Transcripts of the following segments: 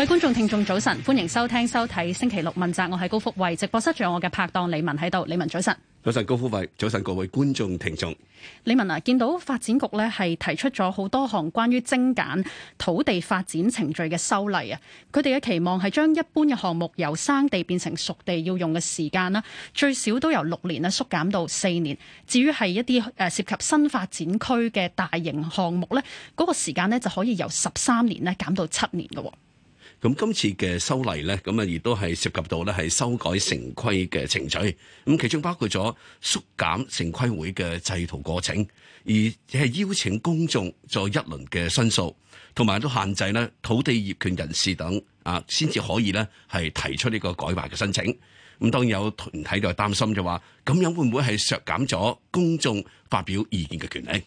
各位觀眾、聽眾，早晨，歡迎收聽、收睇星期六問責。我喺高福慧直播室，仲有我嘅拍檔李文喺度。李文早晨，早晨高福慧，早晨各位觀眾、聽眾。李文啊，見到發展局咧係提出咗好多項關於精簡土地發展程序嘅修例啊，佢哋嘅期望係將一般嘅項目由生地變成熟地要用嘅時間啦，最少都由六年咧縮減到四年。至於係一啲誒涉及新發展區嘅大型項目咧，嗰個時間咧就可以由十三年咧減到七年噶。咁今次嘅修例咧，咁啊亦都係涉及到咧係修改城規嘅程序，咁其中包括咗縮減城規會嘅製圖過程，而係邀請公眾做一輪嘅申訴，同埋都限制咧土地業權人士等啊先至可以咧係提出呢個改劃嘅申請。咁當然有團體就擔心就話，咁樣會唔會係削減咗公眾發表意見嘅權利？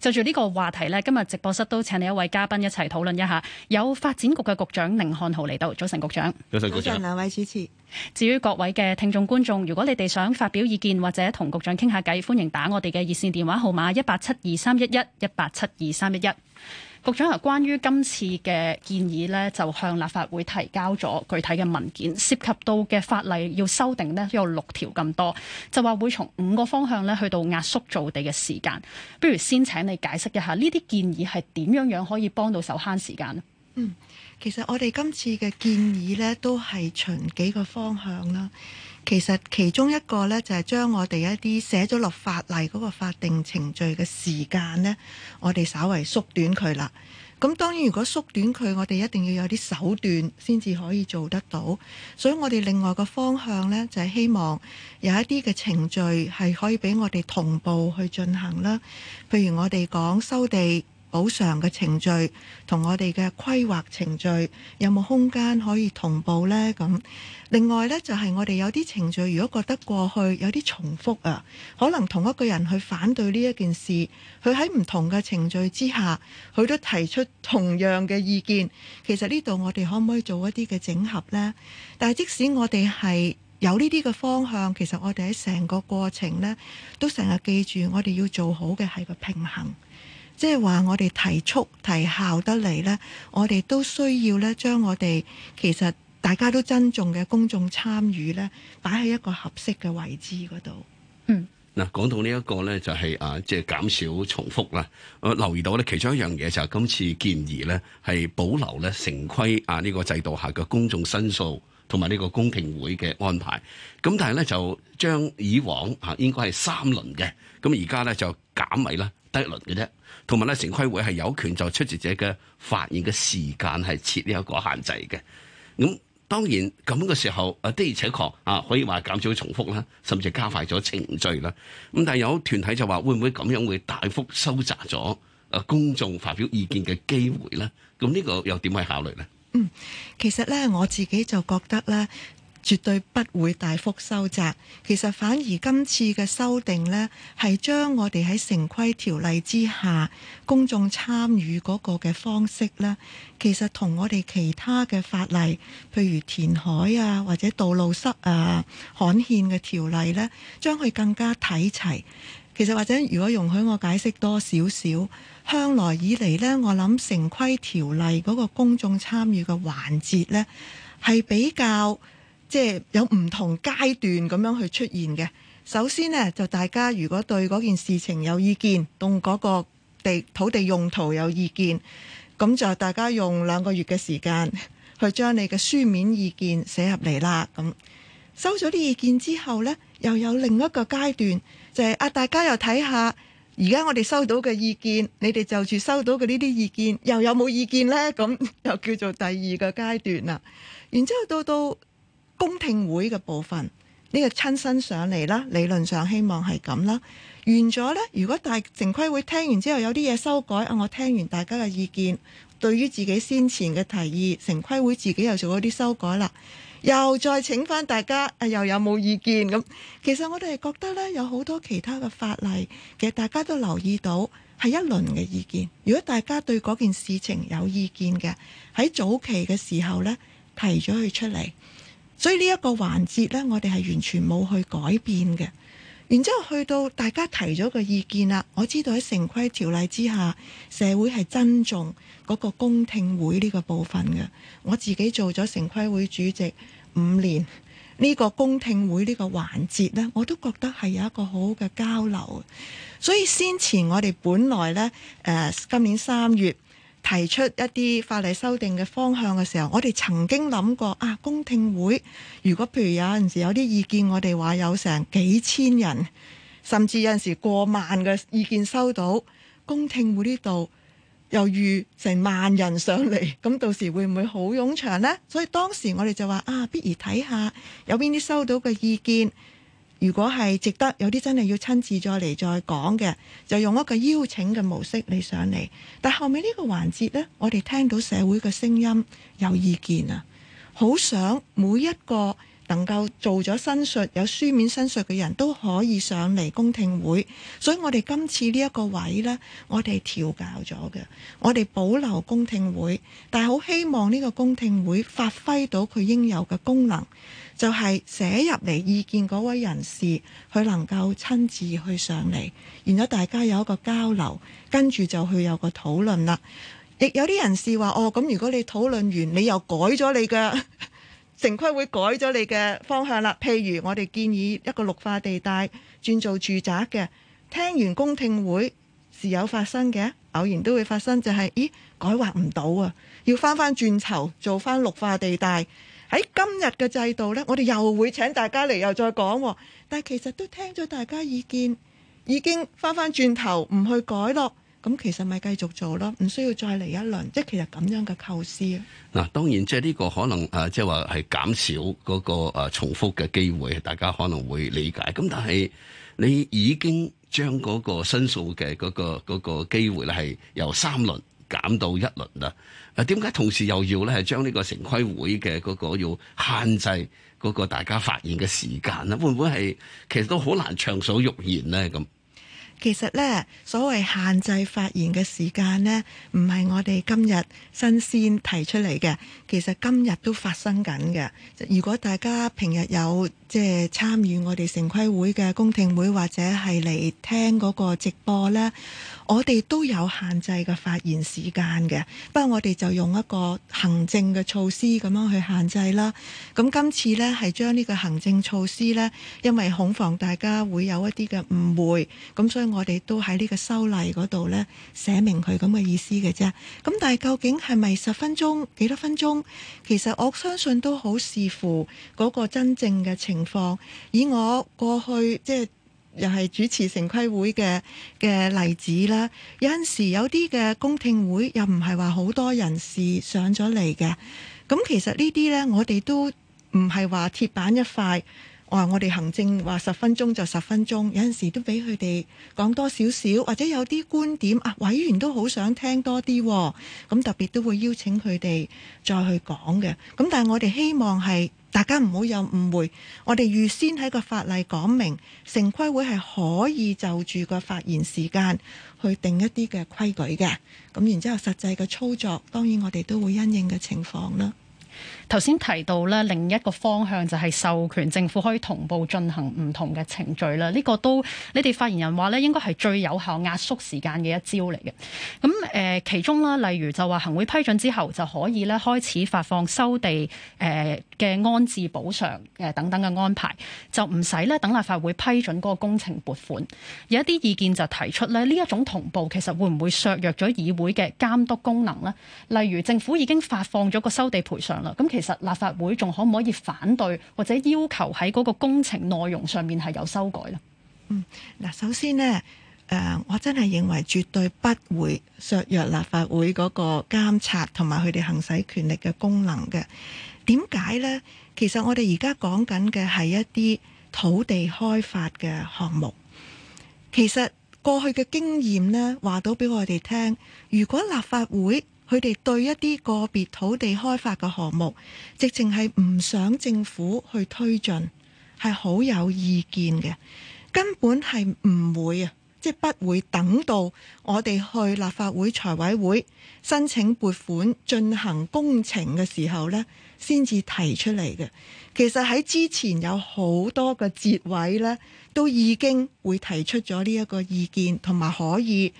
就住呢個話題呢，今日直播室都請你一位嘉賓一齊討論一下。有發展局嘅局長甯漢豪嚟到，早晨，局長。早晨，兩位主持。至於各位嘅聽眾觀眾，如果你哋想發表意見或者同局長傾下偈，歡迎打我哋嘅熱線電話號碼一八七二三一一一八七二三一一。局長啊，關於今次嘅建議咧，就向立法會提交咗具體嘅文件，涉及到嘅法例要修訂呢，有六條咁多，就話會從五個方向咧去到壓縮造地嘅時間。不如先請你解釋一下呢啲建議係點樣樣可以幫到手慳時間咧？嗯，其實我哋今次嘅建議咧，都係循幾個方向啦。其實其中一個呢，就係將我哋一啲寫咗落法例嗰個法定程序嘅時間呢，我哋稍為縮短佢啦。咁當然，如果縮短佢，我哋一定要有啲手段先至可以做得到。所以我哋另外個方向呢，就係希望有一啲嘅程序係可以俾我哋同步去進行啦。譬如我哋講收地。補償嘅程序同我哋嘅規劃程序有冇空間可以同步咧？咁另外咧，就係、是、我哋有啲程序，如果覺得過去有啲重複啊，可能同一個人去反對呢一件事，佢喺唔同嘅程序之下，佢都提出同樣嘅意見。其實呢度我哋可唔可以做一啲嘅整合咧？但係即使我哋係有呢啲嘅方向，其實我哋喺成個過程咧，都成日記住我哋要做好嘅係個平衡。即係話我哋提速提效得嚟咧，我哋都需要咧將我哋其實大家都珍重嘅公眾參與咧，擺喺一個合適嘅位置嗰度。嗯，嗱，講到呢一個咧就係啊，即係減少重複啦。我留意到咧，其中一樣嘢就係今次建議咧係保留咧城規啊呢個制度下嘅公眾申訴同埋呢個公聽會嘅安排。咁但係咧就將以往吓應該係三輪嘅，咁而家咧就減為啦。得一輪嘅啫，同埋咧，城規會係有權就出席者嘅發言嘅時間係設一個限制嘅。咁當然咁嘅時候，的而且確啊，可以話減少重複啦，甚至加快咗程序啦。咁但係有團體就話，會唔會咁樣會大幅收窄咗啊公眾發表意見嘅機會咧？咁呢個又點去考慮咧？嗯，其實咧，我自己就覺得咧。絕對不會大幅收窄，其實反而今次嘅修訂呢，係將我哋喺城規條例之下公眾參與嗰個嘅方式呢，其實同我哋其他嘅法例，譬如填海啊或者道路塞啊刊憲嘅條例呢，將佢更加睇齊。其實或者如果容許我解釋多少少，向來以嚟呢，我諗城規條例嗰個公眾參與嘅環節呢，係比較。即係有唔同階段咁樣去出現嘅。首先呢，就大家如果對嗰件事情有意見，同嗰個地土地用途有意見，咁就大家用兩個月嘅時間去將你嘅書面意見寫入嚟啦。咁收咗啲意見之後呢，又有另一個階段，就係啊，大家又睇下而家我哋收到嘅意見，你哋就住收到嘅呢啲意見又有冇意見呢？咁又叫做第二個階段啦。然之後到到公聽會嘅部分，呢個親身上嚟啦，理論上希望係咁啦。完咗呢，如果大城規會聽完之後有啲嘢修改，啊，我聽完大家嘅意見，對於自己先前嘅提議，城規會自己又做咗啲修改啦，又再請翻大家，又有冇意見咁。其實我哋覺得呢，有好多其他嘅法例，其實大家都留意到係一輪嘅意見。如果大家對嗰件事情有意見嘅，喺早期嘅時候呢，提咗佢出嚟。所以呢一個環節咧，我哋係完全冇去改變嘅。然之後去到大家提咗個意見啦，我知道喺城規條例之下，社會係珍重嗰個公聽會呢個部分嘅。我自己做咗城規會主席五年，呢個公聽會呢個環節咧，我都覺得係有一個好好嘅交流。所以先前我哋本來咧，誒今年三月，提出一啲法例修訂嘅方向嘅時候，我哋曾經諗過啊，公聽會如果譬如有陣時有啲意見，我哋話有成幾千人，甚至有陣時過萬嘅意見收到，公聽會呢度又預成萬人上嚟，咁到時會唔會好冗長呢？所以當時我哋就話啊，不如睇下有邊啲收到嘅意見。如果係值得有啲真係要親自再嚟再講嘅，就用一個邀請嘅模式嚟上嚟。但後面呢個環節呢，我哋聽到社會嘅聲音有意見啊，好想每一個能夠做咗申述、有書面申述嘅人都可以上嚟公聽會。所以我哋今次呢一個位呢，我哋調教咗嘅，我哋保留公聽會，但係好希望呢個公聽會發揮到佢應有嘅功能。就係寫入嚟意見嗰位人士，佢能夠親自去上嚟，然後大家有一個交流，跟住就去有個討論啦。亦有啲人士話：哦，咁如果你討論完，你又改咗你嘅，城規會改咗你嘅方向啦。譬如我哋建議一個綠化地帶轉做住宅嘅，聽完公聽會時有發生嘅，偶然都會發生，就係咦，改劃唔到啊，要翻翻轉頭做翻綠化地帶。喺今日嘅制度咧，我哋又會請大家嚟又再講，但係其實都聽咗大家意見，已經翻翻轉頭唔去改咯，咁其實咪繼續做咯，唔需要再嚟一輪，即係其實咁樣嘅構思啊。嗱，當然即係呢個可能，即係話係減少嗰個重複嘅機會，大家可能會理解。咁但係你已經將嗰個申訴嘅嗰個嗰、嗰個機會係由三輪，減到一輪啦！誒，點解同時又要咧係將呢個城規會嘅嗰個要限制嗰個大家發言嘅時間咧？會唔會係其實都好難暢所欲言呢？咁其實呢，所謂限制發言嘅時間呢，唔係我哋今日新鮮提出嚟嘅，其實今日都發生緊嘅。如果大家平日有，即係參與我哋城規會嘅公聽會，或者係嚟聽嗰個直播咧，我哋都有限制嘅發言時間嘅。不過我哋就用一個行政嘅措施咁樣去限制啦。咁今次咧係將呢個行政措施咧，因為恐防大家會有一啲嘅誤會，咁所以我哋都喺呢個修例嗰度咧寫明佢咁嘅意思嘅啫。咁但係究竟係咪十分鐘幾多分鐘？其實我相信都好視乎嗰個真正嘅情情況以我過去即係又係主持城規會嘅嘅例子啦，有陣時有啲嘅公聽會又唔係話好多人士上咗嚟嘅，咁其實呢啲呢，我哋都唔係話鐵板一塊。哦、我我哋行政話十分鐘就十分鐘，有陣時都俾佢哋講多少少，或者有啲觀點啊，委員都好想聽多啲，哦，咁、嗯、特別都會邀請佢哋再去講嘅。咁、嗯、但係我哋希望係大家唔好有誤會，我哋預先喺個法例講明，城規會係可以就住個發言時間去定一啲嘅規矩嘅。咁、嗯、然之後實際嘅操作，當然我哋都會因應嘅情況啦。頭先提到咧，另一個方向就係授權政府可以同步進行唔同嘅程序啦。呢個都你哋發言人話咧，應該係最有效壓縮時間嘅一招嚟嘅。咁誒，其中啦，例如就話行會批准之後，就可以咧開始發放收地誒嘅安置補償誒等等嘅安排，就唔使咧等立法會批准嗰個工程撥款。有一啲意見就提出咧，呢一種同步其實會唔會削弱咗議會嘅監督功能呢？例如政府已經發放咗個收地賠償啦，咁其實立法會仲可唔可以反對或者要求喺嗰個工程內容上面係有修改咧？嗱，首先呢，誒，我真係認為絕對不會削弱立法會嗰個監察同埋佢哋行使權力嘅功能嘅。點解呢？其實我哋而家講緊嘅係一啲土地開發嘅項目。其實過去嘅經驗呢，話到俾我哋聽，如果立法會佢哋對一啲個別土地開發嘅項目，直情係唔想政府去推進，係好有意見嘅，根本係唔會啊！即係不會等到我哋去立法會財委會申請撥款進行工程嘅時候呢先至提出嚟嘅。其實喺之前有好多個節位呢，都已經會提出咗呢一個意見，同埋可以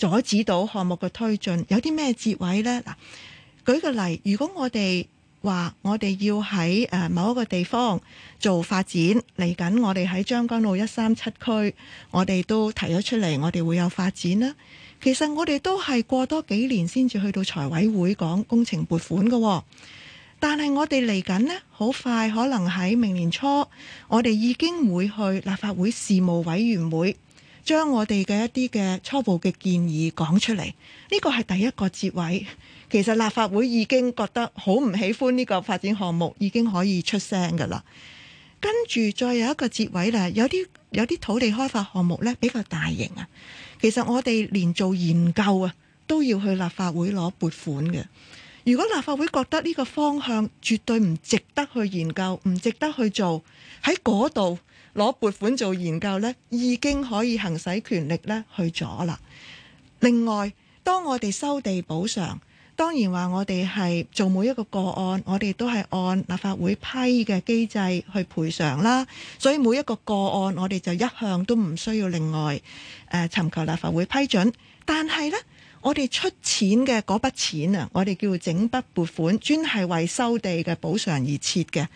阻止到項目嘅推進，有啲咩節位呢？嗱，舉個例，如果我哋話我哋要喺某一個地方做發展，嚟緊我哋喺將軍澳一三七區，我哋都提咗出嚟，我哋會有發展啦。其實我哋都係過多幾年先至去到財委會講工程撥款嘅，但係我哋嚟緊呢，好快可能喺明年初，我哋已經會去立法會事務委員會。將我哋嘅一啲嘅初步嘅建議講出嚟，呢個係第一個節位。其實立法會已經覺得好唔喜歡呢個發展項目，已經可以出聲㗎啦。跟住再有一個節位啦，有啲有啲土地開發項目咧，比較大型啊。其實我哋連做研究啊都要去立法會攞撥款嘅。如果立法會覺得呢個方向絕對唔值得去研究，唔值得去做喺嗰度，攞撥款做研究呢，已經可以行使權力呢去阻啦。另外，當我哋收地補償，當然話我哋係做每一個個案，我哋都係按立法會批嘅機制去賠償啦。所以每一個個案，我哋就一向都唔需要另外誒呃尋求立法會批准。但係呢，我哋出錢嘅嗰筆錢啊，我哋叫整筆撥款，專係為收地嘅補償而設嘅。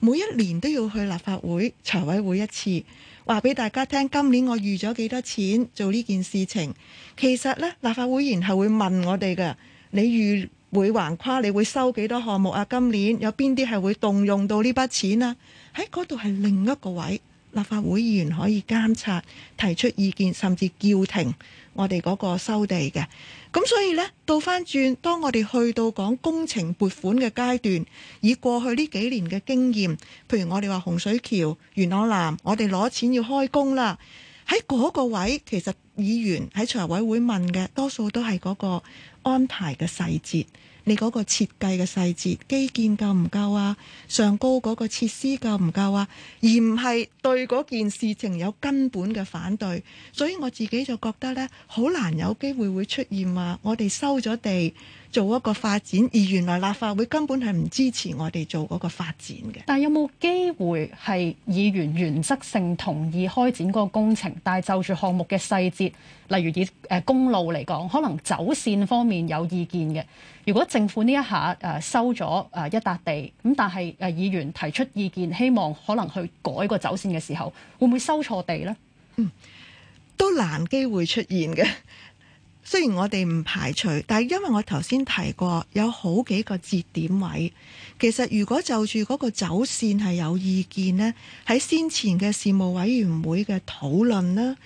每一年都要去立法會財委會一次，話俾大家聽，今年我預咗幾多錢做呢件事情？其實呢，立法會員係會問我哋嘅，你預會橫跨，你會收幾多項目啊？今年有邊啲係會動用到呢筆錢啊？喺嗰度係另一個位。立法會議員可以監察、提出意見，甚至叫停我哋嗰個收地嘅。咁所以呢，倒翻轉，當我哋去到講工程撥款嘅階段，以過去呢幾年嘅經驗，譬如我哋話洪水橋、元朗南，我哋攞錢要開工啦。喺嗰個位，其實議員喺財委會問嘅多數都係嗰個安排嘅細節。你嗰個設計嘅細節基建夠唔夠啊？上高嗰個設施夠唔夠啊？而唔係對嗰件事情有根本嘅反對，所以我自己就覺得咧，好難有機會會出現話，我哋收咗地做一個發展，而原來立法會根本係唔支持我哋做嗰個發展嘅。但係有冇機會係議員原則性同意開展嗰個工程，但係就住項目嘅細節，例如以誒公路嚟講，可能走綫方面有意見嘅？如果政府呢一下誒收咗誒一笪地，咁但係誒議員提出意見，希望可能去改個走線嘅時候，會唔會收錯地呢？嗯，都難機會出現嘅。雖然我哋唔排除，但係因為我頭先提過有好幾個節點位，其實如果就住嗰個走線係有意見呢，喺先前嘅事務委員會嘅討論啦，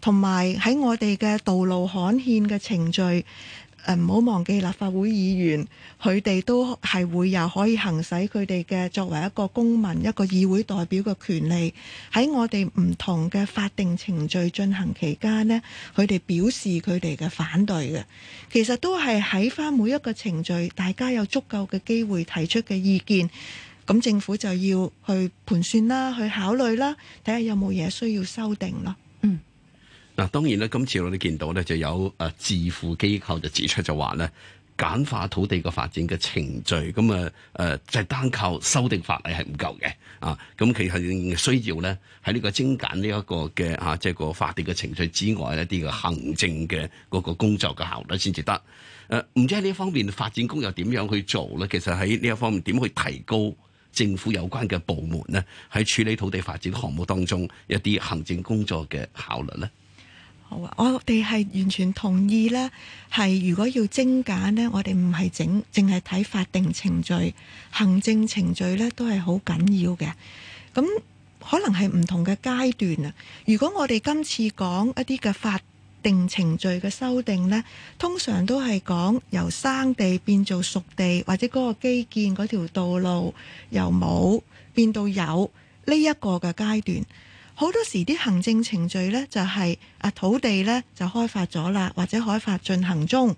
同埋喺我哋嘅道路刊憲嘅程序。誒唔好忘記立法會議員，佢哋都係會有可以行使佢哋嘅作為一個公民、一個議會代表嘅權利，喺我哋唔同嘅法定程序進行期間呢，佢哋表示佢哋嘅反對嘅，其實都係喺返每一個程序，大家有足夠嘅機會提出嘅意見，咁政府就要去盤算啦、去考慮啦，睇下有冇嘢需要修訂咯。嗱，當然今次我哋見到咧，就有誒智庫機構就指出就話咧，簡化土地嘅發展嘅程序，咁啊誒，就是、單靠修訂法例係唔夠嘅啊。咁其實需要咧喺呢個精簡呢、這、一個嘅啊，即、就、係、是、個法定嘅程序之外一啲個行政嘅嗰個工作嘅效率先至得。誒、呃，唔知喺呢方面發展工又點樣去做咧？其實喺呢一方面點去提高政府有關嘅部門咧喺處理土地發展項目當中一啲行政工作嘅效率咧？好啊！我哋係完全同意啦。係如果要精簡呢，我哋唔係整，淨係睇法定程序，行政程序呢都係好緊要嘅。咁可能係唔同嘅階段啊。如果我哋今次講一啲嘅法定程序嘅修訂呢，通常都係講由生地變做熟地，或者嗰個基建嗰條道路由冇變到有呢一個嘅階段。好多時啲行政程序呢，就係啊土地呢，就開發咗啦，或者開發進行中，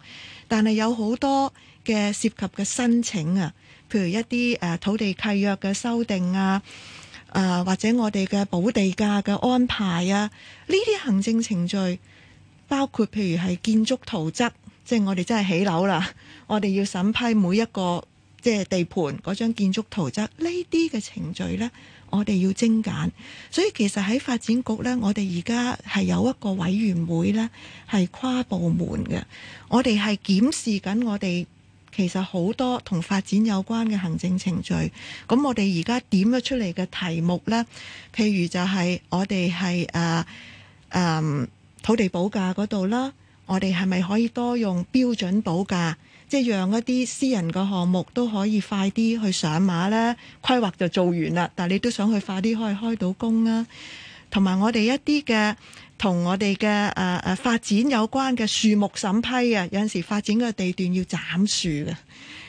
但係有好多嘅涉及嘅申請啊，譬如一啲誒土地契約嘅修訂啊，誒或者我哋嘅補地價嘅安排啊，呢啲行政程序，包括譬如係建築圖則，即係我哋真係起樓啦，我哋要審批每一個即係地盤嗰張建築圖則，呢啲嘅程序呢。我哋要精簡，所以其實喺發展局咧，我哋而家係有一個委員會咧，係跨部門嘅。我哋係檢視緊我哋其實好多同發展有關嘅行政程序。咁我哋而家點咗出嚟嘅題目咧，譬如就係我哋係誒誒土地補價嗰度啦，我哋係咪可以多用標準補價。即係讓一啲私人嘅項目都可以快啲去上馬咧，規劃就做完啦。但你都想去快啲可以開到工啊，同埋我哋一啲嘅同我哋嘅、呃、發展有關嘅樹木審批啊，有陣時發展嘅地段要斬樹嘅。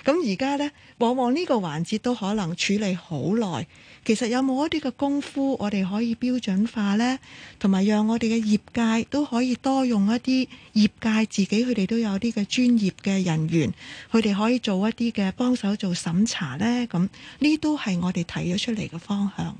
咁而家呢，往往呢個環節都可能處理好耐。其實有冇一啲嘅功夫，我哋可以標準化呢？同埋讓我哋嘅業界都可以多用一啲業界自己，佢哋都有啲嘅專業嘅人員，佢哋可以做一啲嘅幫手做審查呢。咁呢都係我哋提咗出嚟嘅方向。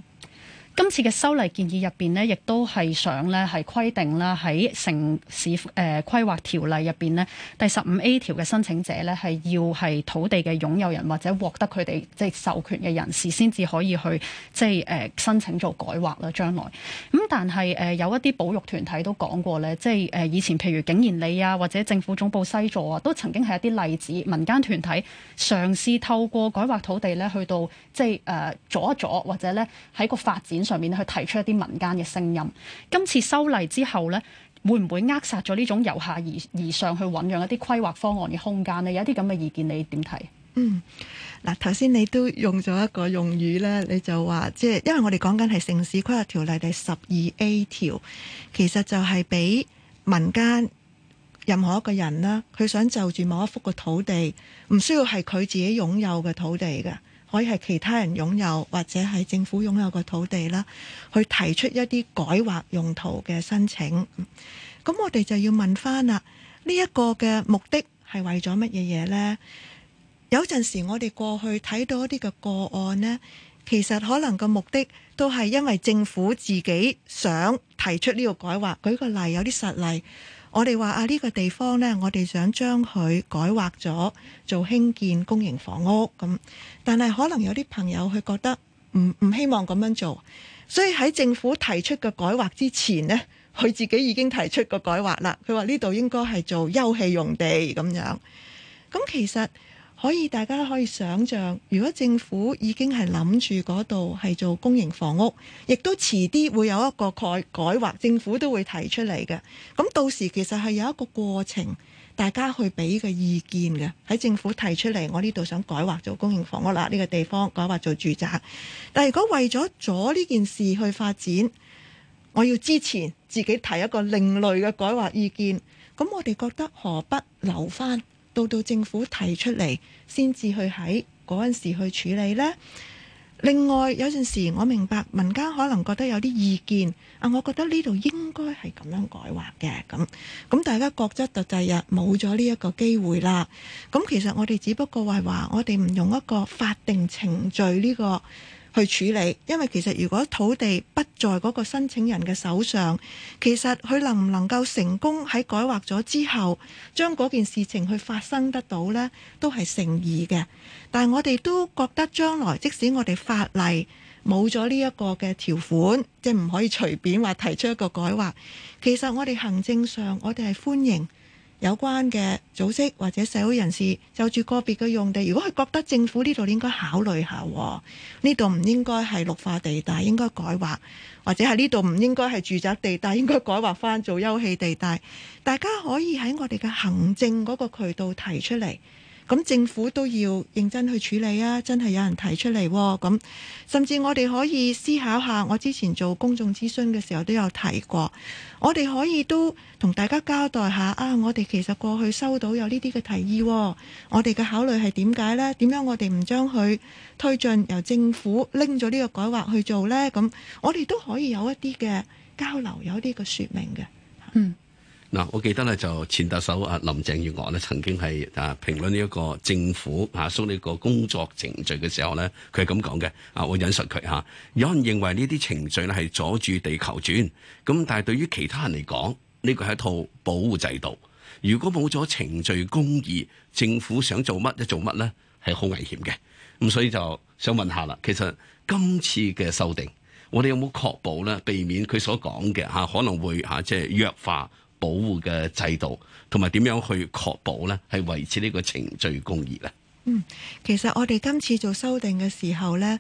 今次嘅修例建議入邊咧，亦都係想咧係規定啦，喺城市誒規劃條例入邊咧，第十五 A 條嘅申請者咧，係要係土地嘅擁有人或者獲得佢哋即係授權嘅人士，先至可以去即係誒申請做改劃啦。將來，咁，但係誒有一啲保育團體都講過咧，即係誒以前譬如景賢里啊，或者政府總部西座啊，都曾經係一啲例子，民間團體嘗試透過改劃土地咧，去到即係誒、啊、阻一阻或者咧喺個發展。上面去提出一啲民間嘅聲音，今次修例之後咧，會唔會扼殺咗呢種由下而而上去醞釀一啲規劃方案嘅空間咧？有一啲咁嘅意見，你點睇？嗯，嗱，頭先你都用咗一個用語咧，你就話即係，因為我哋講緊係城市規劃條例第十二 A 條，其實就係俾民間任何一個人啦，佢想就住某一幅嘅土地，唔需要係佢自己擁有嘅土地嘅。可以係其他人擁有或者係政府擁有嘅土地啦，去提出一啲改劃用途嘅申請。咁我哋就要問翻啦，呢一個嘅目的係為咗乜嘢嘢呢？有陣時我哋過去睇到一啲嘅個案呢，其實可能個目的都係因為政府自己想提出呢個改劃。舉個例，有啲實例。我哋話啊，呢、這個地方呢，我哋想將佢改劃咗做興建公營房屋咁，但係可能有啲朋友佢覺得唔唔希望咁樣做，所以喺政府提出嘅改劃之前呢，佢自己已經提出個改劃啦。佢話呢度應該係做休憩用地咁樣，咁其實。可以，大家可以想象，如果政府已經係諗住嗰度係做公營房屋，亦都遲啲會有一個改改劃，政府都會提出嚟嘅。咁到時其實係有一個過程，大家去俾個意見嘅，喺政府提出嚟，我呢度想改劃做公營房屋啦，呢、這個地方改劃做住宅。但係如果為咗阻呢件事去發展，我要之前自己提一個另類嘅改劃意見，咁我哋覺得何不留翻？到到政府提出嚟，先至去喺嗰陣時去處理咧。另外有陣時，我明白民間可能覺得有啲意見啊，我覺得呢度應該係咁樣改劃嘅。咁咁大家覺得就第日冇咗呢一個機會啦。咁其實我哋只不過係話，我哋唔用一個法定程序呢個。去處理，因為其實如果土地不在嗰個申請人嘅手上，其實佢能唔能夠成功喺改劃咗之後，將嗰件事情去發生得到呢？都係成疑嘅。但我哋都覺得將來即使我哋法例冇咗呢一個嘅條款，即係唔可以隨便話提出一個改劃，其實我哋行政上我哋係歡迎有關嘅組織或者社會人士就住個別嘅用地，如果佢覺得政府呢度應該考慮下，呢度唔應該係綠化地帶，應該改劃，或者係呢度唔應該係住宅地帶，應該改劃返做休憩地帶，大家可以喺我哋嘅行政嗰個渠道提出嚟。咁政府都要認真去處理啊！真係有人提出嚟咁，甚至我哋可以思考下。我之前做公眾諮詢嘅時候都有提過，我哋可以都同大家交代下啊！我哋其實過去收到有呢啲嘅提議，我哋嘅考慮係點解呢？點解我哋唔將佢推進由政府拎咗呢個改劃去做呢？咁我哋都可以有一啲嘅交流，有一啲嘅說明嘅。嗯。嗱，我記得咧就前特首啊林鄭月娥呢曾經係啊評論呢一個政府啊，疏呢個工作程序嘅時候咧，佢係咁講嘅啊，我引述佢吓有人認為呢啲程序咧係阻住地球轉，咁但係對於其他人嚟講，呢個係一套保護制度。如果冇咗程序公義，政府想做乜就做乜咧，係好危險嘅。咁所以就想問下啦，其實今次嘅修訂，我哋有冇確保咧避免佢所講嘅吓可能會吓即係弱化？保護嘅制度，同埋點樣去確保呢，係維持呢個程序公義呢？嗯，其實我哋今次做修訂嘅時候呢。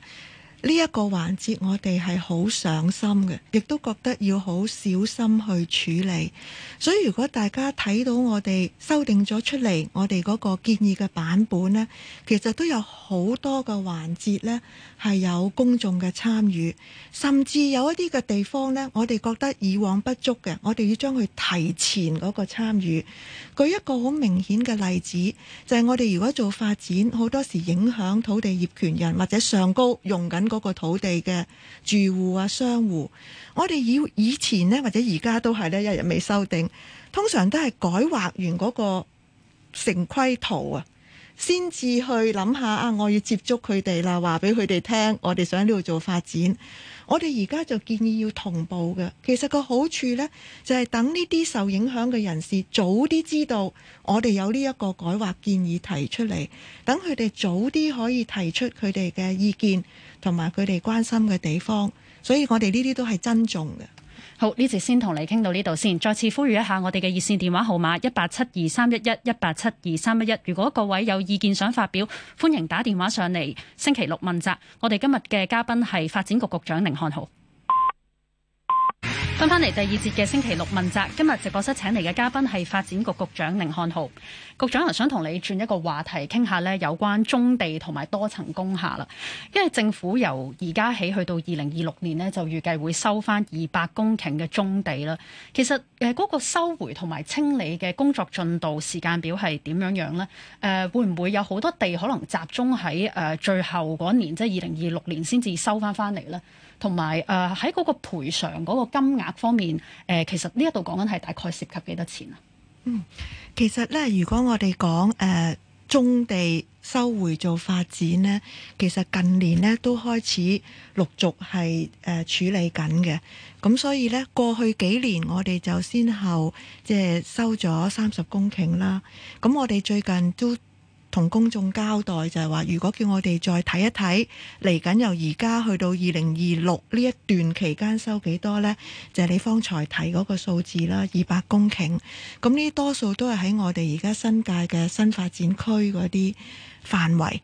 呢、一個環節我哋係好上心嘅，亦都覺得要好小心去處理。所以如果大家睇到我哋修訂咗出嚟，我哋嗰個建議嘅版本咧，其實都有好多嘅環節咧係有公眾嘅參與，甚至有一啲嘅地方咧，我哋覺得以往不足嘅，我哋要將佢提前嗰個參與。舉一個好明顯嘅例子，就係我哋如果做發展，好多時影響土地業權人或者上高用緊嗰個土地嘅住戶啊、商戶，我哋以以前呢，或者而家都係呢，一日未修訂，通常都係改劃完嗰個城規圖啊，先至去諗下啊，我要接觸佢哋啦，話俾佢哋聽，我哋想喺呢度做發展。我哋而家就建議要同步嘅，其實個好處呢，就係等呢啲受影響嘅人士早啲知道我哋有呢一個改劃建議提出嚟，等佢哋早啲可以提出佢哋嘅意見同埋佢哋關心嘅地方，所以我哋呢啲都係珍重嘅。好，呢節先同你傾到呢度先。再次呼籲一下，我哋嘅熱線電話號碼一八七二三一一一八七二三一一。如果各位有意見想發表，歡迎打電話上嚟。星期六問責，我哋今日嘅嘉賓係發展局局長甯漢豪。翻翻嚟，第二節嘅星期六問責，今日直播室請嚟嘅嘉賓係發展局局長甯漢豪。局長啊，想同你轉一個話題，傾下咧有關棕地同埋多層工廈啦。因為政府由而家起去到二零二六年呢，就預計會收翻二百公頃嘅棕地啦。其實誒，嗰個收回同埋清理嘅工作進度時間表係點樣樣呢？誒、呃，會唔會有好多地可能集中喺誒最後嗰年，即係二零二六年先至收翻翻嚟呢？同埋誒喺嗰個賠償嗰個金額方面，誒其實呢一度講緊係大概涉及幾多錢啊？嗯，其實咧，如果我哋講誒宗地收回做發展呢，其實近年呢都開始陸續係誒、呃、處理緊嘅。咁所以咧，過去幾年我哋就先後即係收咗三十公頃啦。咁我哋最近都同公眾交代就係話，如果叫我哋再睇一睇，嚟緊由而家去到二零二六呢一段期間收幾多呢？就係你方才提嗰個數字啦，二百公頃。咁呢多數都係喺我哋而家新界嘅新發展區嗰啲範圍。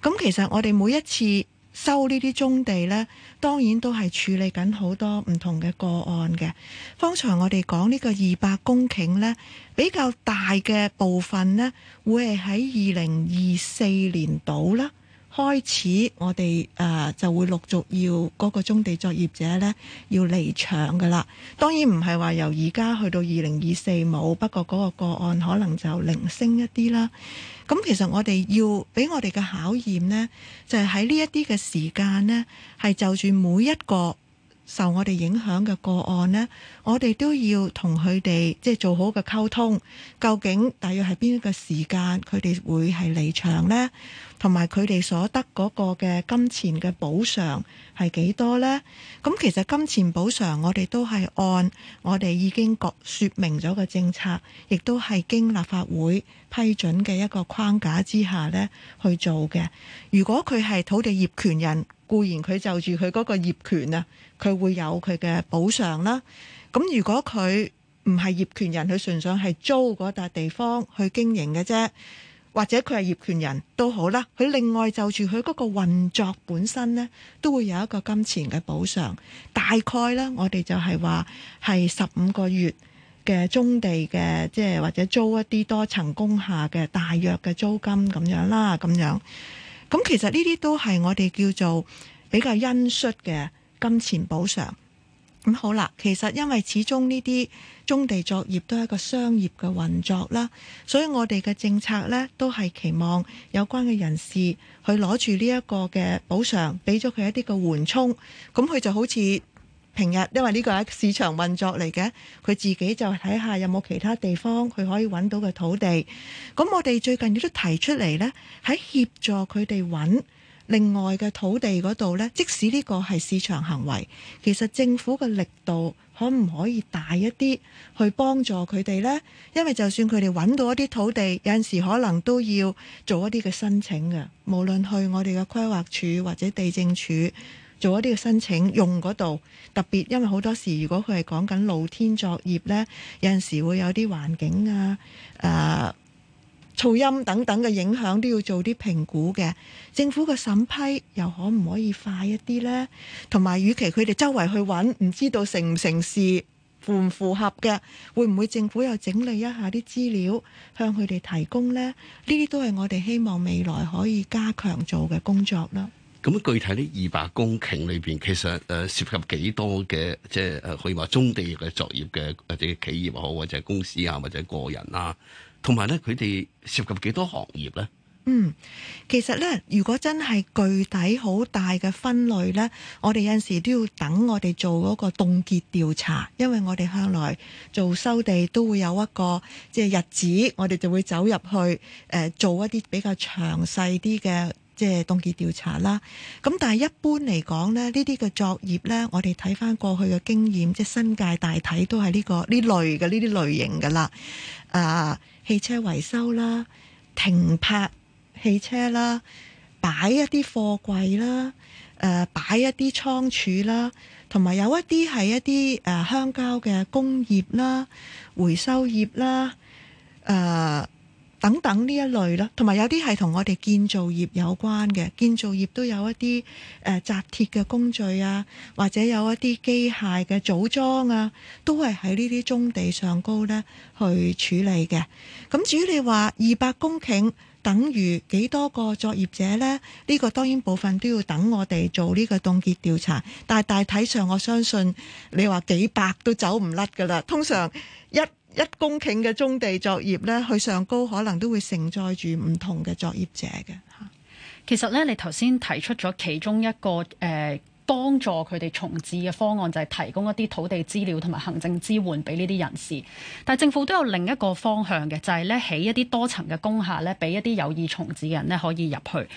咁其實我哋每一次，收呢啲棕地呢，當然都係處理緊好多唔同嘅個案嘅。方才我哋講呢個二百公頃呢，比較大嘅部分呢，會係喺二零二四年度啦。開始我們，我哋誒就會陸續要嗰個棕地作業者呢要離場㗎喇。當然唔係話由而家去到二零二四冇，不過嗰個個案可能就零星一啲啦。咁其實我哋要俾我哋嘅考驗呢，就係喺呢一啲嘅時間呢，係就住每一個受我哋影響嘅個案呢，我哋都要同佢哋即係做好個溝通，究竟大約係邊一個時間佢哋會係離場呢？同埋佢哋所得嗰個嘅金錢嘅補償係幾多咧？咁其實金錢補償我哋都係按我哋已經講說明咗個政策，亦都係經立法會批准嘅一個框架之下咧去做嘅。如果佢係土地業權人，固然佢就住佢嗰個業權啊，佢會有佢嘅補償啦。咁如果佢唔係業權人，佢純粹係租嗰笪地方去經營嘅啫。或者佢係業權人都好啦，佢另外就住佢嗰個運作本身呢，都會有一個金錢嘅補償。大概呢，我哋就係話係十五個月嘅中地嘅，即係或者租一啲多層工廈嘅大約嘅租金咁樣啦，咁樣。咁其實呢啲都係我哋叫做比較恩恤嘅金錢補償。咁好啦，其實因為始終呢啲棕地作業都係一個商業嘅運作啦，所以我哋嘅政策呢都係期望有關嘅人士去攞住呢一個嘅補償，俾咗佢一啲嘅緩衝，咁佢就好似平日，因為呢個係市場運作嚟嘅，佢自己就睇下有冇其他地方佢可以揾到嘅土地。咁我哋最近亦都提出嚟呢，喺協助佢哋揾。另外嘅土地嗰度咧，即使呢個係市場行為，其實政府嘅力度可唔可以大一啲去幫助佢哋咧？因為就算佢哋揾到一啲土地，有陣時可能都要做一啲嘅申請嘅，無論去我哋嘅規劃署或者地政署做一啲嘅申請用嗰度。特別，因為好多時如果佢係講緊露天作業咧，有陣時會有啲環境啊，啊、呃。噪音等等嘅影響都要做啲評估嘅，政府嘅審批又可唔可以快一啲呢？同埋，與其佢哋周圍去揾，唔知道成唔成事、符唔符合嘅，會唔會政府又整理一下啲資料向佢哋提供呢？呢啲都係我哋希望未來可以加強做嘅工作啦。咁啊，具體呢，二百公頃裏邊，其實誒、呃、涉及幾多嘅，即係可以話棕地嘅作業嘅，或者企業好或者公司啊，或者，或者個人啊。同埋咧，佢哋涉及幾多行業咧？嗯，其實咧，如果真係具體好大嘅分類咧，我哋有陣時都要等我哋做嗰個凍結調查，因為我哋向來做收地都會有一個即係日子，我哋就會走入去誒、呃、做一啲比較詳細啲嘅即係凍結調查啦。咁但係一般嚟講咧，呢啲嘅作業咧，我哋睇翻過去嘅經驗，即係新界大體都係呢、這個呢類嘅呢啲類型噶啦，啊。汽車維修啦、停泊汽車啦、擺一啲貨櫃啦、誒、呃、擺一啲倉儲啦，同埋有一啲係一啲誒、呃、鄉郊嘅工業啦、回收業啦，誒、呃、等等呢一類啦，同埋有啲係同我哋建造業有關嘅，建造業都有一啲誒紮鐵嘅工序啊，或者有一啲機械嘅組裝啊，都係喺呢啲棕地上高呢去處理嘅。咁至於你話二百公頃等於幾多個作業者呢？呢個當然部分都要等我哋做呢個凍結調查，但係大體上我相信你話幾百都走唔甩噶啦。通常一一公頃嘅棕地作業咧，去上高可能都會承載住唔同嘅作業者嘅吓。其實咧，你頭先提出咗其中一個誒。呃幫助佢哋重置嘅方案就係提供一啲土地資料同埋行政支援俾呢啲人士，但係政府都有另一個方向嘅，就係咧起一啲多層嘅工廈咧，俾一啲有意重置嘅人咧可以入去。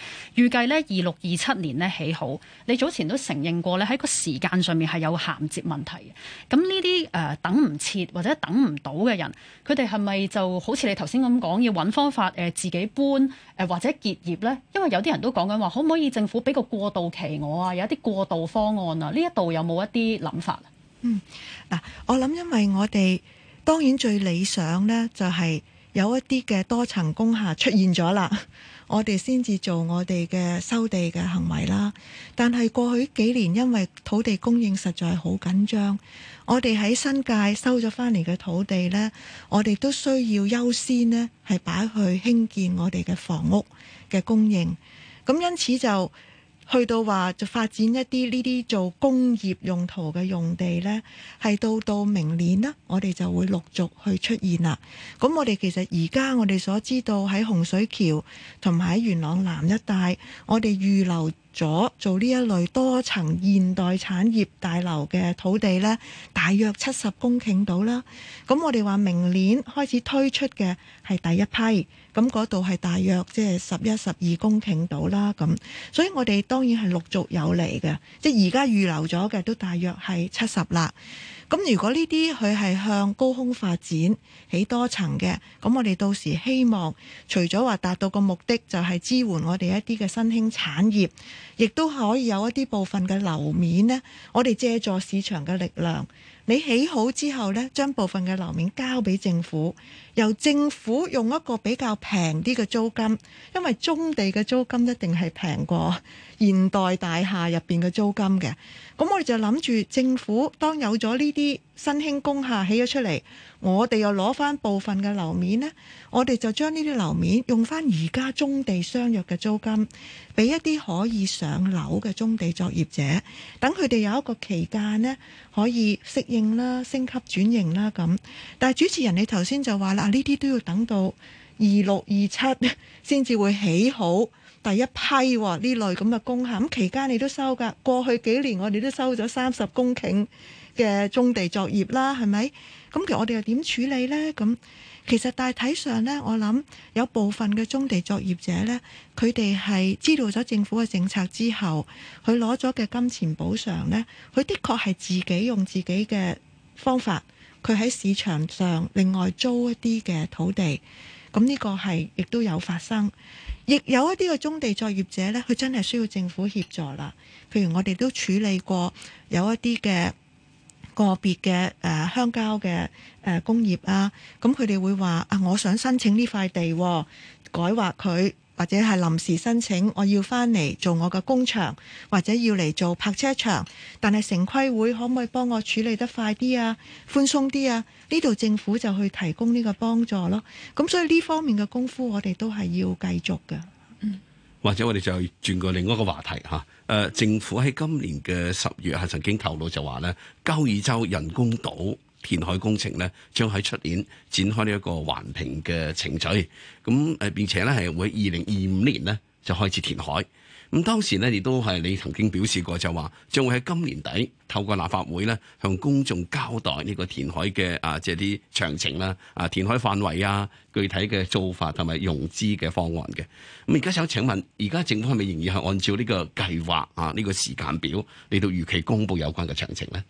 預計咧二六二七年咧起好。你早前都承認過咧喺個時間上面係有銜接問題嘅。咁呢啲誒等唔切或者等唔到嘅人，佢哋係咪就好似你頭先咁講要揾方法誒自己搬誒或者結業咧？因為有啲人都講緊話，可唔可以政府俾個過渡期我啊？有啲過渡。方案啊，呢一度有冇一啲諗法？嗯，嗱，我諗，因為我哋當然最理想咧，就係有一啲嘅多層工廈出現咗啦，我哋先至做我哋嘅收地嘅行為啦。但係過去幾年，因為土地供應實在好緊張，我哋喺新界收咗翻嚟嘅土地咧，我哋都需要優先咧，係擺去興建我哋嘅房屋嘅供應，咁因此就。去到話就發展一啲呢啲做工業用途嘅用地，呢係到到明年啦，我哋就會陸續去出現啦。咁我哋其實而家我哋所知道喺洪水橋同埋喺元朗南一帶，我哋預留咗做呢一類多層現代產業大樓嘅土地呢，大約七十公頃到啦，咁我哋話明年開始推出嘅係第一批，咁嗰度係大約即係十一、十二公頃到啦，咁所以我哋當然係陸續有嚟嘅，即係而家預留咗嘅都大約係七十啦。咁如果呢啲佢係向高空發展，起多層嘅，咁我哋到時希望除咗話達到個目的就係支援我哋一啲嘅新興產業，亦都可以有一啲部分嘅樓面呢，我哋借助市場嘅力量。你起好之後咧，將部分嘅樓面交俾政府。由政府用一個比較平啲嘅租金，因為中地嘅租金一定係平過現代大廈入邊嘅租金嘅。咁我哋就諗住政府當有咗呢啲新興工廈起咗出嚟，我哋又攞翻部分嘅樓面咧，我哋就將呢啲樓面用翻而家中地相約嘅租金，俾一啲可以上樓嘅中地作業者，等佢哋有一個期間咧可以適應啦、升級轉型啦咁。但係主持人你頭先就話啦。嗱，呢啲都要等到二六二七先至會起好第一批呢類咁嘅工廈，咁期間你都收噶。過去幾年我哋都收咗三十公頃嘅棕地作業啦，係咪？咁其實我哋又點處理咧？咁其實大體上咧，我諗有部分嘅棕地作業者咧，佢哋係知道咗政府嘅政策之後，佢攞咗嘅金錢補償咧，佢的確係自己用自己嘅方法。佢喺市場上另外租一啲嘅土地，咁呢個係亦都有發生，亦有一啲嘅棕地作業者呢，佢真係需要政府協助啦。譬如我哋都處理過有一啲嘅個別嘅誒、啊、鄉郊嘅誒工業啊，咁佢哋會話啊，我想申請呢塊地、啊、改劃佢。或者係臨時申請，我要翻嚟做我嘅工場，或者要嚟做泊車場，但係城規會可唔可以幫我處理得快啲啊？寬鬆啲啊？呢度政府就去提供呢個幫助咯。咁所以呢方面嘅功夫，我哋都係要繼續㗎。嗯，或者我哋就轉過另一個話題吓。誒、啊，政府喺今年嘅十月係曾經透露就話咧，交椅洲人工島。填海工程咧，將喺出年展開呢一個環評嘅程序，咁誒，並且咧係會二零二五年呢就開始填海。咁當時咧亦都係你曾經表示過就，就話將會喺今年底透過立法會咧向公眾交代呢個填海嘅啊，即係啲詳情啦，啊填海範圍啊，具體嘅做法同埋融資嘅方案嘅。咁而家想請問，而家政府係咪仍然係按照呢個計劃啊，呢個時間表嚟到如期公布有關嘅詳情呢？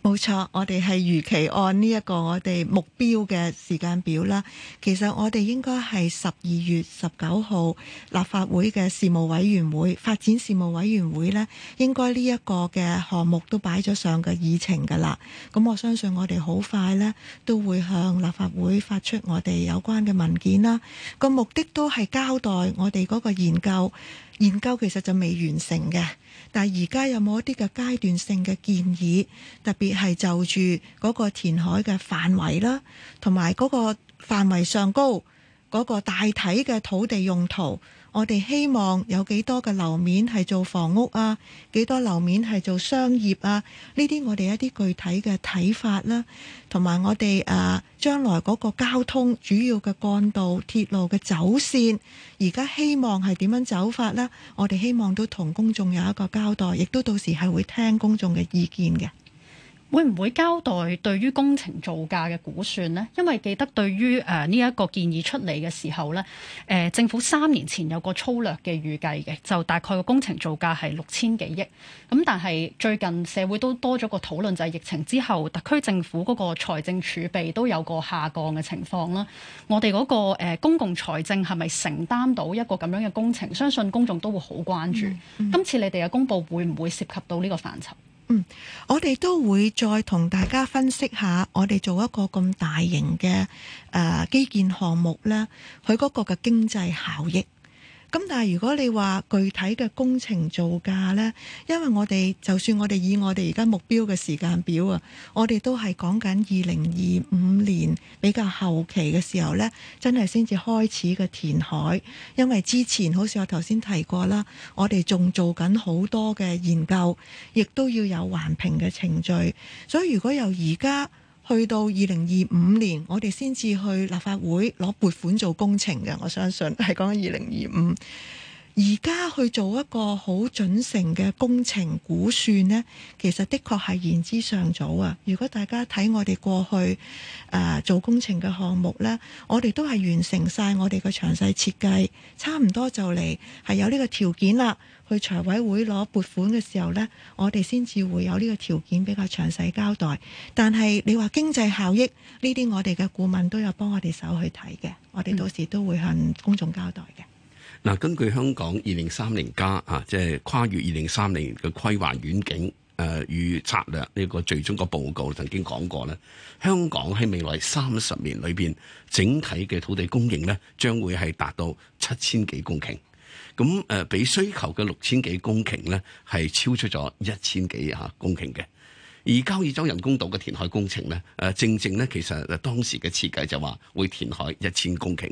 冇錯，我哋係如期按呢一個我哋目標嘅時間表啦。其實我哋應該係十二月十九號立法會嘅事務委員會，發展事務委員會呢應該呢一個嘅項目都擺咗上個議程㗎啦。咁我相信我哋好快呢都會向立法會發出我哋有關嘅文件啦。個目的都係交代我哋嗰個研究，研究其實就未完成嘅。但係而家有冇一啲嘅階段性嘅建議，特別係就住嗰個填海嘅範圍啦，同埋嗰個範圍上高嗰個大體嘅土地用途？我哋希望有幾多嘅樓面係做房屋啊，幾多樓面係做商業啊？呢啲我哋一啲具體嘅睇法啦、啊，同埋我哋誒將來嗰個交通主要嘅幹道、鐵路嘅走線，而家希望係點樣走法呢、啊？我哋希望都同公眾有一個交代，亦都到時係會聽公眾嘅意見嘅。會唔會交代對於工程造價嘅估算呢？因為記得對於誒呢一個建議出嚟嘅時候誒、呃、政府三年前有個粗略嘅預計嘅，就大概個工程造價係六千幾億。咁但係最近社會都多咗個討論，就係疫情之後特區政府嗰個財政儲備都有個下降嘅情況啦。我哋嗰、嗰個誒、呃、公共財政係咪承擔到一個咁樣嘅工程？相信公眾都會好關注。今、嗯嗯、次你哋嘅公布會唔會涉及到呢個範疇？嗯，我哋都會再同大家分析下，我哋做一個咁大型嘅誒、呃、基建項目咧，佢嗰個嘅經濟效益。咁但係如果你話具體嘅工程造價呢？因為我哋就算我哋以我哋而家目標嘅時間表啊，我哋都係講緊二零二五年比較後期嘅時候呢，真係先至開始嘅填海，因為之前好似我頭先提過啦，我哋仲做緊好多嘅研究，亦都要有環評嘅程序，所以如果由而家去到二零二五年，我哋先至去立法會攞撥款做工程㗎。我相信係講緊二零二五。而家去做一個好準成嘅工程估算咧，其實的確係言之尚早啊！如果大家睇我哋過去誒、呃、做工程嘅項目咧，我哋都係完成晒我哋嘅詳細設計，差唔多就嚟係有呢個條件啦。去財委會攞撥款嘅時候咧，我哋先至會有呢個條件比較詳細交代。但係你話經濟效益呢啲，這些我哋嘅顧問都有幫我哋手去睇嘅，我哋到時都會向公眾交代嘅。嗱，根據香港二零三零加啊，即係跨越二零三零嘅規劃遠景誒與策略呢個最終個報告曾經講過咧，香港喺未來三十年裏邊，整體嘅土地供應咧，將會係達到七千幾公頃。咁誒，比需求嘅六千幾公頃咧，係超出咗一千幾啊公頃嘅。而交椅洲人工島嘅填海工程咧，誒正正咧，其實當時嘅設計就話會填海一千公頃。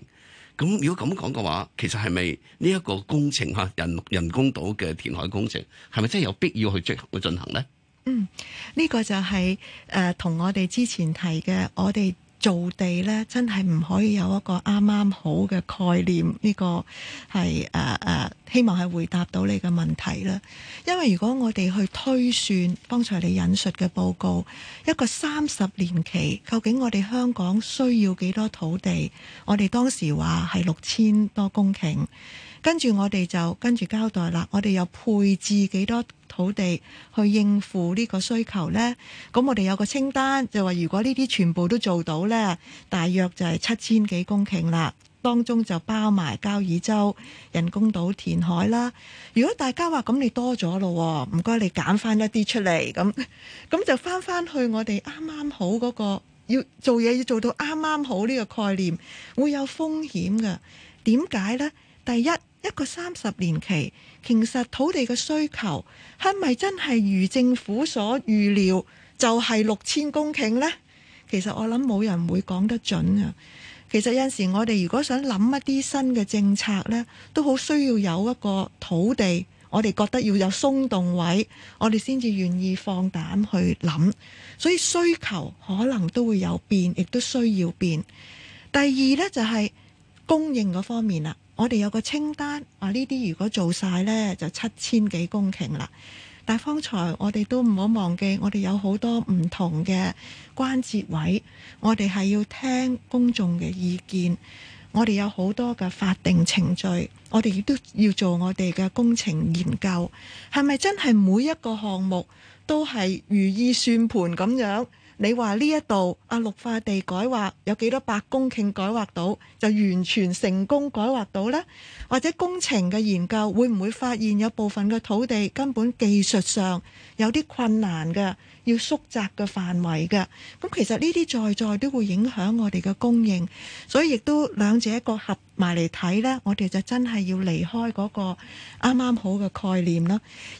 咁如果咁講嘅話，其實係咪呢一個工程嚇，人人工島嘅填海工程係咪真係有必要去進行去進行咧？嗯，呢個就係誒同我哋之前提嘅我哋。造地呢真係唔可以有一個啱啱好嘅概念。呢個係誒誒，希望係回答到你嘅問題啦。因為如果我哋去推算，剛才你引述嘅報告，一個三十年期，究竟我哋香港需要幾多土地？我哋當時話係六千多公頃。跟住我哋就跟住交代啦，我哋有配置幾多土地去應付呢個需求咧？咁我哋有個清單，就話如果呢啲全部都做到咧，大約就係七千幾公頃啦。當中就包埋交椅洲人工島填海啦。如果大家話咁，你多咗咯，唔該你揀翻一啲出嚟。咁咁就翻翻去我哋啱啱好嗰個要做嘢要做到啱啱好呢個概念，會有風險嘅。點解咧？第一。一個三十年期，其實土地嘅需求係咪真係如政府所預料就係六千公頃呢？其實我諗冇人會講得準啊！其實有陣時我哋如果想諗一啲新嘅政策呢，都好需要有一個土地，我哋覺得要有鬆動位，我哋先至願意放膽去諗。所以需求可能都會有變，亦都需要變。第二呢，就係供應嗰方面啦。我哋有個清單，啊呢啲如果做晒呢，就七千幾公頃啦。但係方才我哋都唔好忘記，我哋有好多唔同嘅關節位，我哋係要聽公眾嘅意見。我哋有好多嘅法定程序，我哋亦都要做我哋嘅工程研究，係咪真係每一個項目都係如意算盤咁樣？你話呢一度啊，綠化地改劃有幾多百公頃改劃到，就完全成功改劃到呢？或者工程嘅研究會唔會發現有部分嘅土地根本技術上有啲困難嘅？要縮窄嘅範圍嘅，咁其實呢啲在在都會影響我哋嘅供應，所以亦都兩者一個合埋嚟睇咧，我哋就真係要離開嗰個啱啱好嘅概念囉。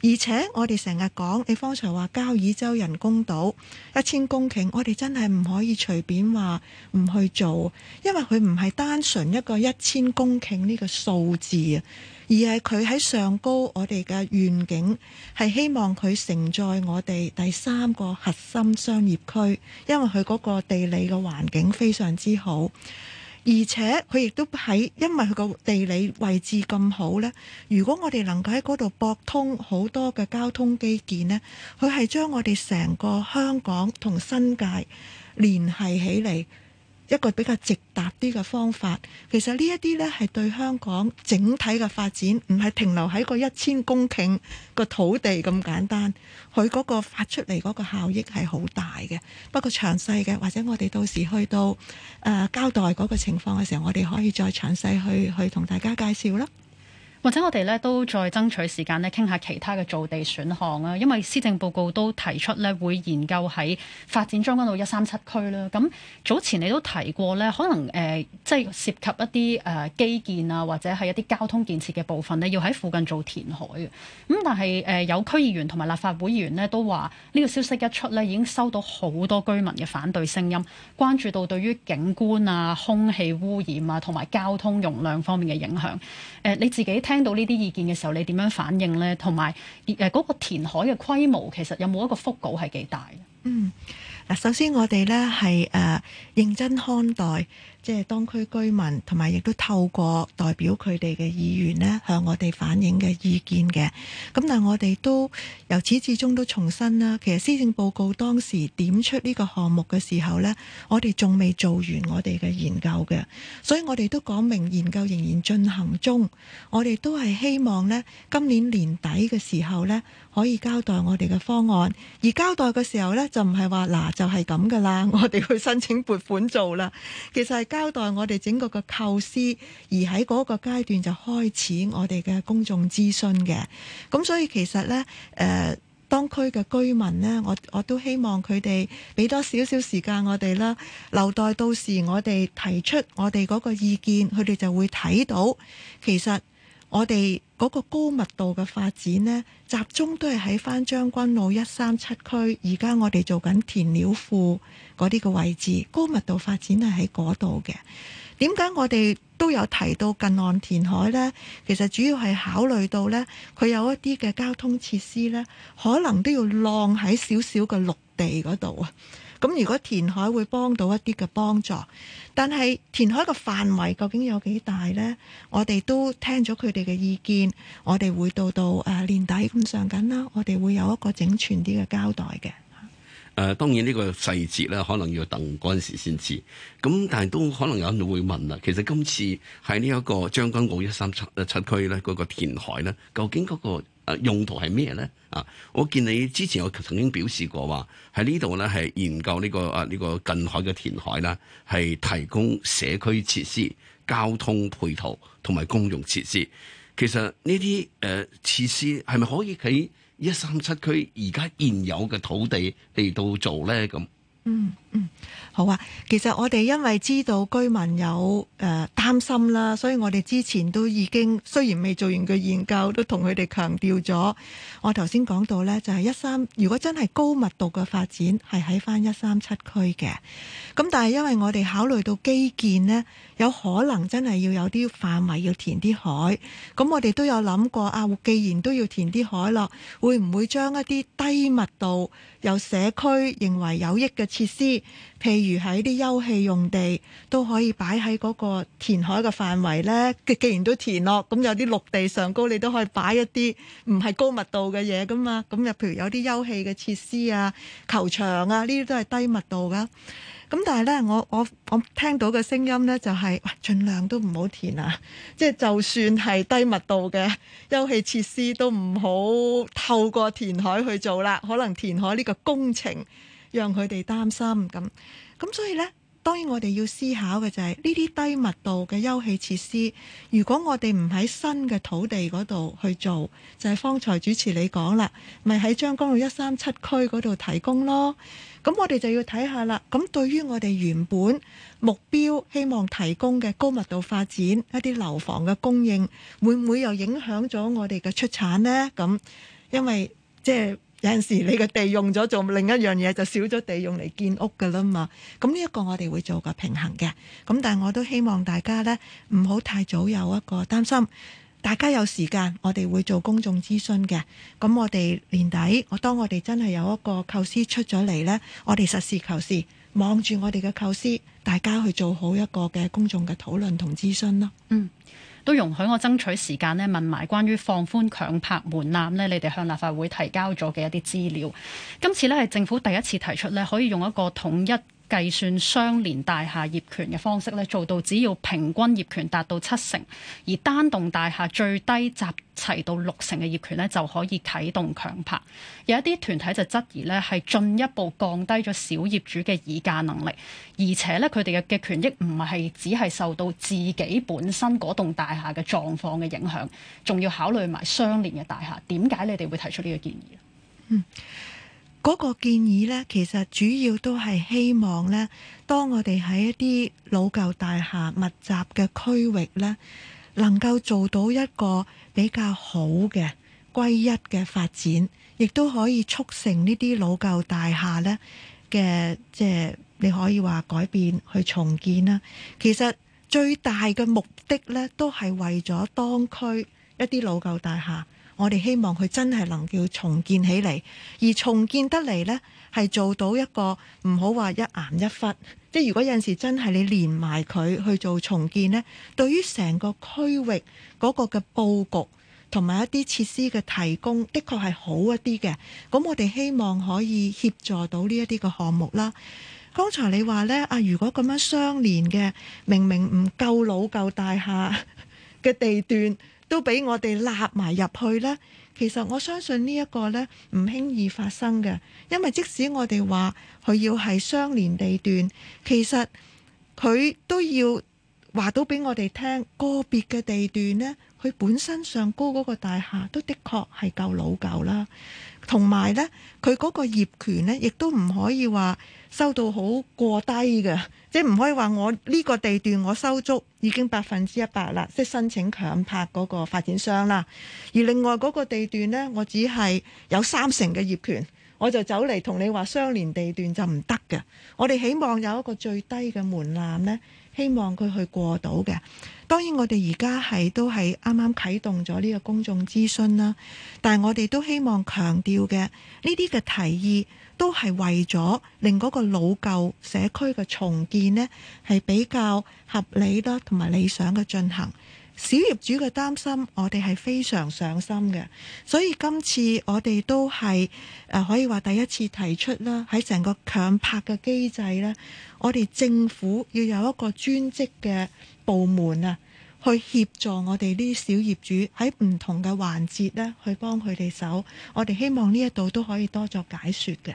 而且我哋成日講，你方才話交椅洲人工島一千公頃，我哋真係唔可以隨便話唔去做，因為佢唔係單純一個一千公頃呢個數字啊。而係佢喺上高，我哋嘅願景係希望佢承載我哋第三個核心商業區，因為佢嗰個地理嘅環境非常之好，而且佢亦都喺，因為佢個地理位置咁好呢。如果我哋能夠喺嗰度博通好多嘅交通基建呢，佢係將我哋成個香港同新界聯繫起嚟。一個比較直達啲嘅方法，其實呢一啲呢係對香港整體嘅發展，唔係停留喺個一千公頃個土地咁簡單，佢嗰個發出嚟嗰個效益係好大嘅。不過詳細嘅，或者我哋到時去到誒、呃、交代嗰個情況嘅時候，我哋可以再詳細去去同大家介紹啦。或者我哋咧都再爭取時間咧，傾下其他嘅造地選項啦。因為施政報告都提出咧，會研究喺發展將軍澳一三七區啦。咁早前你都提過咧，可能誒即係涉及一啲誒、呃、基建啊，或者係一啲交通建設嘅部分咧，要喺附近做填海嘅。咁但係誒、呃、有區議員同埋立法會議員咧，都話呢個消息一出咧，已經收到好多居民嘅反對聲音，關注到對於景觀啊、空氣污染啊，同埋交通容量方面嘅影響誒、呃、你自己。聽到呢啲意見嘅時候，你點樣反應呢？同埋誒嗰個填海嘅規模，其實有冇一個幅度係幾大的？嗯，嗱，首先我哋呢係誒、啊、認真看待。即係當區居民同埋，亦都透過代表佢哋嘅議員咧，向我哋反映嘅意見嘅。咁但係我哋都由始至終都重申啦。其實施政報告當時點出呢個項目嘅時候咧，我哋仲未做完我哋嘅研究嘅，所以我哋都講明研究仍然進行中。我哋都係希望咧，今年年底嘅時候咧，可以交代我哋嘅方案。而交代嘅時候咧，就唔係話嗱就係咁噶啦，我哋去申請撥款做啦。其實。係。交代我哋整個嘅構思，而喺嗰個階段就開始我哋嘅公眾諮詢嘅。咁所以其實咧，誒、呃，當區嘅居民咧，我我都希望佢哋俾多少少時間我哋啦，留待到時我哋提出我哋嗰個意見，佢哋就會睇到，其實。我哋嗰個高密度嘅發展呢，集中都係喺翻將軍澳一三七區。而家我哋做緊填料庫嗰啲嘅位置，高密度發展係喺嗰度嘅。點解我哋都有提到近岸填海呢？其實主要係考慮到呢，佢有一啲嘅交通設施呢，可能都要晾喺少少嘅陸地嗰度啊。咁如果填海會幫到一啲嘅幫助，但係填海嘅範圍究竟有幾大咧？我哋都聽咗佢哋嘅意見，我哋會到到誒年底咁上緊啦，我哋會有一個整全啲嘅交代嘅。誒、呃，當然呢個細節咧，可能要等嗰陣時先知。咁但係都可能有人會問啦，其實今次喺呢一個將軍澳一三七區咧，嗰個填海咧，究竟嗰、嗰個？用途係咩咧？啊，我見你之前我曾經表示過話喺呢度咧係研究呢個啊呢個近海嘅填海啦，係提供社區設施、交通配套同埋公用設施。其實呢啲誒設施係咪可以喺一三七區而家現有嘅土地嚟到做咧？咁？嗯嗯，好啊。其實我哋因為知道居民有誒擔、呃、心啦，所以我哋之前都已經雖然未做完嘅研究，都同佢哋強調咗。我頭先講到呢，就係一三，如果真係高密度嘅發展係喺翻一三七區嘅，咁但係因為我哋考慮到基建呢，有可能真係要有啲範圍要填啲海，咁我哋都有諗過啊，既然都要填啲海咯，會唔會將一啲低密度？有社區認為有益嘅設施，譬如喺啲休憩用地都可以擺喺嗰個填海嘅範圍呢，既然都填落，咁有啲陸地上高，你都可以擺一啲唔係高密度嘅嘢噶嘛。咁又譬如有啲休憩嘅設施啊、球場啊，呢啲都係低密度噶。咁但係咧，我我我聽到嘅聲音咧、就係，就係盡量都唔好填啊！即係就算係低密度嘅休憩設施，都唔好透過填海去做啦。可能填海呢個工程，讓佢哋擔心咁。咁所以咧，當然我哋要思考嘅就係呢啲低密度嘅休憩設施，如果我哋唔喺新嘅土地嗰度去做，就係、係、方才主持你講啦，咪喺將軍澳一三七區嗰度提供咯。咁我哋就要睇下啦。咁對於我哋原本目標希望提供嘅高密度發展一啲樓房嘅供應，會唔會又影響咗我哋嘅出產呢？咁因為即係、就是、有陣時你嘅地用咗做另一樣嘢，就少咗地用嚟建屋噶啦嘛。咁呢一個我哋會做個平衡嘅。咁但係我都希望大家呢，唔好太早有一個擔心。大家有時間，我哋會做公眾諮詢嘅。咁我哋年底，我當我哋真係有一個構思出咗嚟呢，我哋實事求是望住我哋嘅構思，大家去做好一個嘅公眾嘅討論同諮詢咯。嗯，都容許我爭取時間呢，問埋關於放寬強拍門檻呢，你哋向立法會提交咗嘅一啲資料。今次呢，係政府第一次提出呢，可以用一個統一，計算相連大廈業權嘅方式咧，做到只要平均業權達到七成，而單棟大廈最低集齊到六成嘅業權咧，就可以啟動強拍。有一啲團體就質疑咧，係進一步降低咗小業主嘅議價能力，而且咧佢哋嘅嘅權益唔係只係受到自己本身嗰棟大廈嘅狀況嘅影響，仲要考慮埋相連嘅大廈。點解你哋會提出呢個建議？嗯嗰個建議呢，其實主要都係希望呢，當我哋喺一啲老舊大廈密集嘅區域呢，能夠做到一個比較好嘅歸一嘅發展，亦都可以促成呢啲老舊大廈呢嘅即係你可以話改變去重建啦。其實最大嘅目的呢，都係為咗當區一啲老舊大廈。我哋希望佢真係能夠重建起嚟，而重建得嚟咧，係做到一個唔好話一癌一忽。即係如果有陣時真係你連埋佢去做重建咧，對於成個區域嗰個嘅布局同埋一啲設施嘅提供，的確係好一啲嘅。咁我哋希望可以協助到呢一啲嘅項目啦。剛才你話咧啊，如果咁樣相連嘅，明明唔夠老舊大廈嘅地段，都俾我哋納埋入去啦。其實我相信呢一個呢，唔輕易發生嘅，因為即使我哋話佢要係相連地段，其實佢都要話到俾我哋聽，個別嘅地段呢，佢本身上高嗰個大廈都的確係夠老舊啦。同埋呢，佢嗰個業權呢，亦都唔可以話收到好過低嘅，即係唔可以話我呢個地段我收足已經百分之一百啦，即係申請強拍嗰個發展商啦。而另外嗰個地段呢，我只係有三成嘅業權，我就走嚟同你話相連地段就唔得嘅。我哋希望有一個最低嘅門檻呢，希望佢去過到嘅。當然，我哋而家係都係啱啱啟動咗呢個公眾諮詢啦，但係我哋都希望強調嘅呢啲嘅提議都係為咗令嗰個老舊社區嘅重建呢，係比較合理啦，同埋理想嘅進行。小業主嘅擔心，我哋係非常上心嘅，所以今次我哋都係誒可以話第一次提出啦。喺成個強拍嘅機制呢，我哋政府要有一個專職嘅部門啊，去協助我哋呢啲小業主喺唔同嘅環節呢去幫佢哋手。我哋希望呢一度都可以多作解説嘅。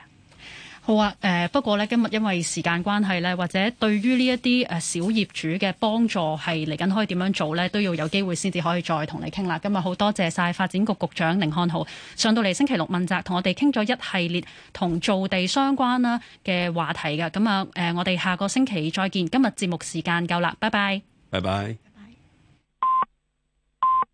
好啊，誒、呃、不過咧，今日因為時間關係咧，或者對於呢一啲誒小業主嘅幫助係嚟緊可以點樣做咧，都要有機會先至可以再同你傾啦。今日好多謝晒發展局局長甯漢豪上到嚟星期六問責，同我哋傾咗一系列同造地相關啦嘅話題㗎。咁啊誒，我哋下個星期再見。今日節目時間夠啦，拜拜，拜拜。